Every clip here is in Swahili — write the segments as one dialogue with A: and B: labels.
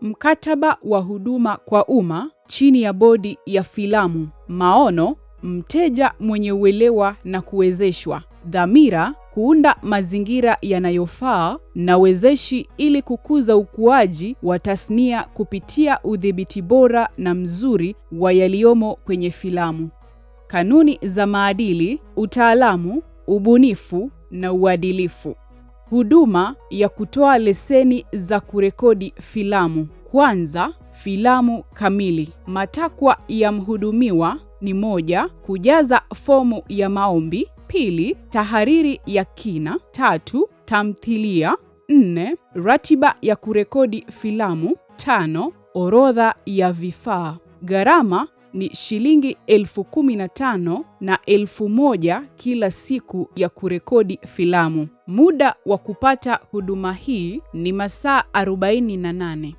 A: mkataba wa huduma kwa umma chini ya bodi ya filamu, maono, mteja mwenye uelewa na kuwezeshwa, dhamira, kuunda mazingira yanayofaa na wezeshi ili kukuza ukuaji wa tasnia kupitia udhibiti bora na mzuri wa yaliyomo kwenye filamu. Kanuni za maadili, utaalamu, ubunifu na uadilifu huduma ya kutoa leseni za kurekodi filamu. Kwanza, filamu kamili. Matakwa ya mhudumiwa ni moja, kujaza fomu ya maombi; pili, tahariri ya kina; tatu, tamthilia; nne, ratiba ya kurekodi filamu; tano, orodha ya vifaa. Gharama ni shilingi elfu kumi na tano na elfu moja kila siku ya kurekodi filamu. Muda wa kupata huduma hii ni masaa 48.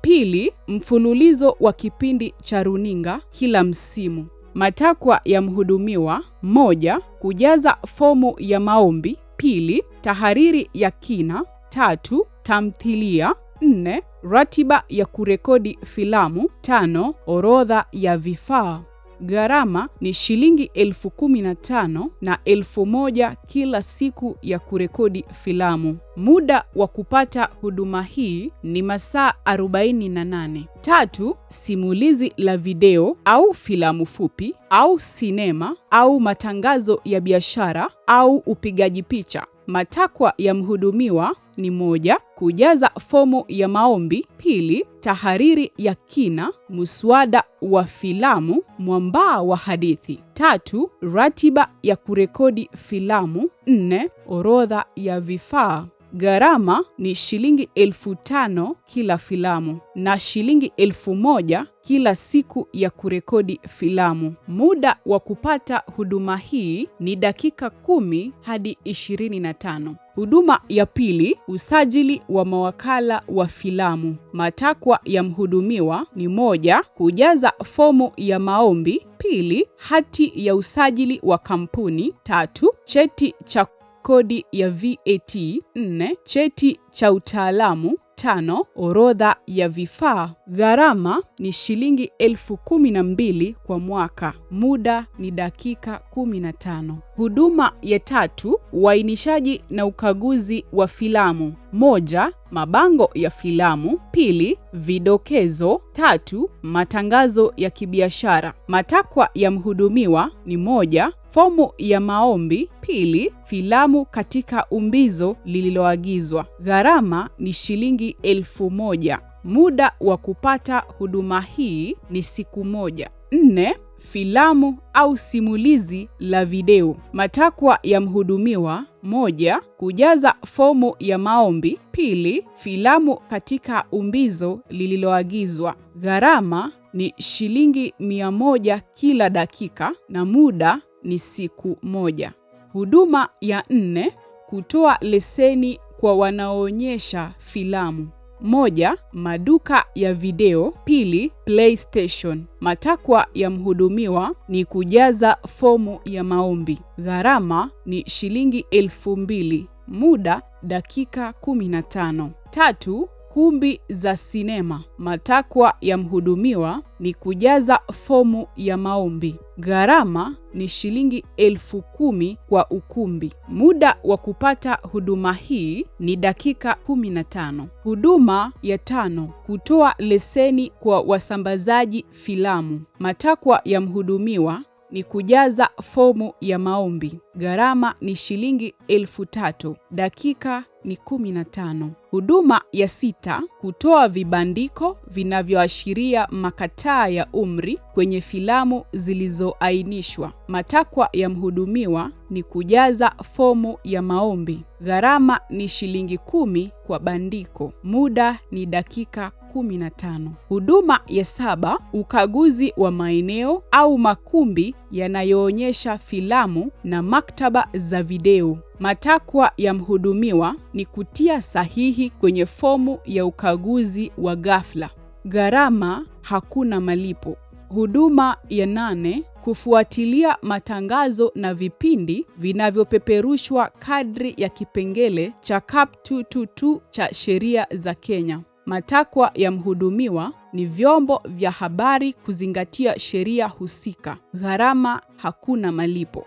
A: Pili, mfululizo wa kipindi cha runinga kila msimu. Matakwa ya mhudumiwa: moja, kujaza fomu ya maombi; pili, tahariri ya kina; tatu, tamthilia; nne, ratiba ya kurekodi filamu. Tano, orodha ya vifaa. Gharama ni shilingi elfu kumi na tano na elfu moja kila siku ya kurekodi filamu. Muda wa kupata huduma hii ni masaa 48. Tatu, simulizi la video au filamu fupi au sinema au matangazo ya biashara au upigaji picha. Matakwa ya mhudumiwa ni moja, kujaza fomu ya maombi; pili, tahariri ya kina, muswada wa filamu, mwambaa wa hadithi; tatu, ratiba ya kurekodi filamu; nne, orodha ya vifaa Gharama ni shilingi elfu tano kila filamu na shilingi elfu moja kila siku ya kurekodi filamu. Muda wa kupata huduma hii ni dakika kumi hadi ishirini na tano. Huduma ya pili, usajili wa mawakala wa filamu. Matakwa ya mhudumiwa ni moja, kujaza fomu ya maombi; pili, hati ya usajili wa kampuni; tatu, cheti cha kodi ya VAT 4, cheti cha utaalamu tano, orodha ya vifaa. Gharama ni shilingi elfu kumi na mbili kwa mwaka. Muda ni dakika kumi na tano. Huduma ya tatu, uainishaji na ukaguzi wa filamu. Moja, mabango ya filamu. Pili, vidokezo. Tatu, matangazo ya kibiashara. Matakwa ya mhudumiwa ni moja, fomu ya maombi. Pili, filamu katika umbizo lililoagizwa, gharama ni shilingi elfu moja. Muda wa kupata huduma hii ni siku moja. Nne, filamu au simulizi la video. Matakwa ya mhudumiwa: moja, kujaza fomu ya maombi; pili, filamu katika umbizo lililoagizwa. Gharama ni shilingi mia moja kila dakika na muda ni siku moja. Huduma ya nne, kutoa leseni kwa wanaoonyesha filamu. Moja, maduka ya video. Pili, PlayStation. Matakwa ya mhudumiwa ni kujaza fomu ya maombi. Gharama ni shilingi elfu mbili. Muda dakika 15. Tatu, kumbi za sinema. Matakwa ya mhudumiwa ni kujaza fomu ya maombi. Gharama ni shilingi elfu kumi kwa ukumbi. Muda wa kupata huduma hii ni dakika 15. Huduma ya tano, kutoa leseni kwa wasambazaji filamu. Matakwa ya mhudumiwa ni kujaza fomu ya maombi. Gharama ni shilingi elfu tatu. Dakika ni 15. Huduma ya sita, kutoa vibandiko vinavyoashiria makataa ya umri kwenye filamu zilizoainishwa. Matakwa ya mhudumiwa ni kujaza fomu ya maombi. Gharama ni shilingi kumi kwa bandiko. Muda ni dakika 15. Huduma ya saba, ukaguzi wa maeneo au makumbi yanayoonyesha filamu na maktaba za video. Matakwa ya mhudumiwa ni kutia sahihi sahihi kwenye fomu ya ukaguzi wa ghafla. Gharama: hakuna malipo. Huduma ya nane: kufuatilia matangazo na vipindi vinavyopeperushwa kadri ya kipengele cha CAP 222 cha sheria za Kenya. Matakwa ya mhudumiwa ni vyombo vya habari kuzingatia sheria husika. Gharama: hakuna malipo.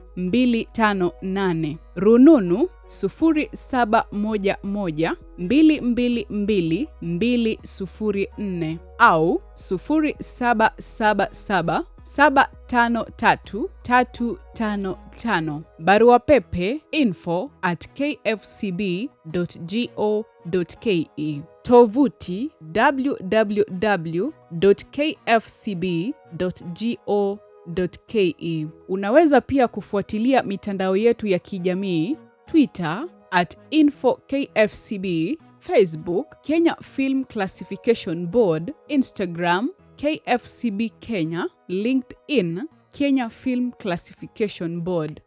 A: 258, rununu 0711 222 204 au 0777 tano tano Barua pepe info at kfcb.go.ke. Tovuti www.kfcb.go ke. Unaweza pia kufuatilia mitandao yetu ya kijamii Twitter at info KFCB, Facebook Kenya Film Classification Board, Instagram KFCB Kenya, LinkedIn Kenya Film Classification Board.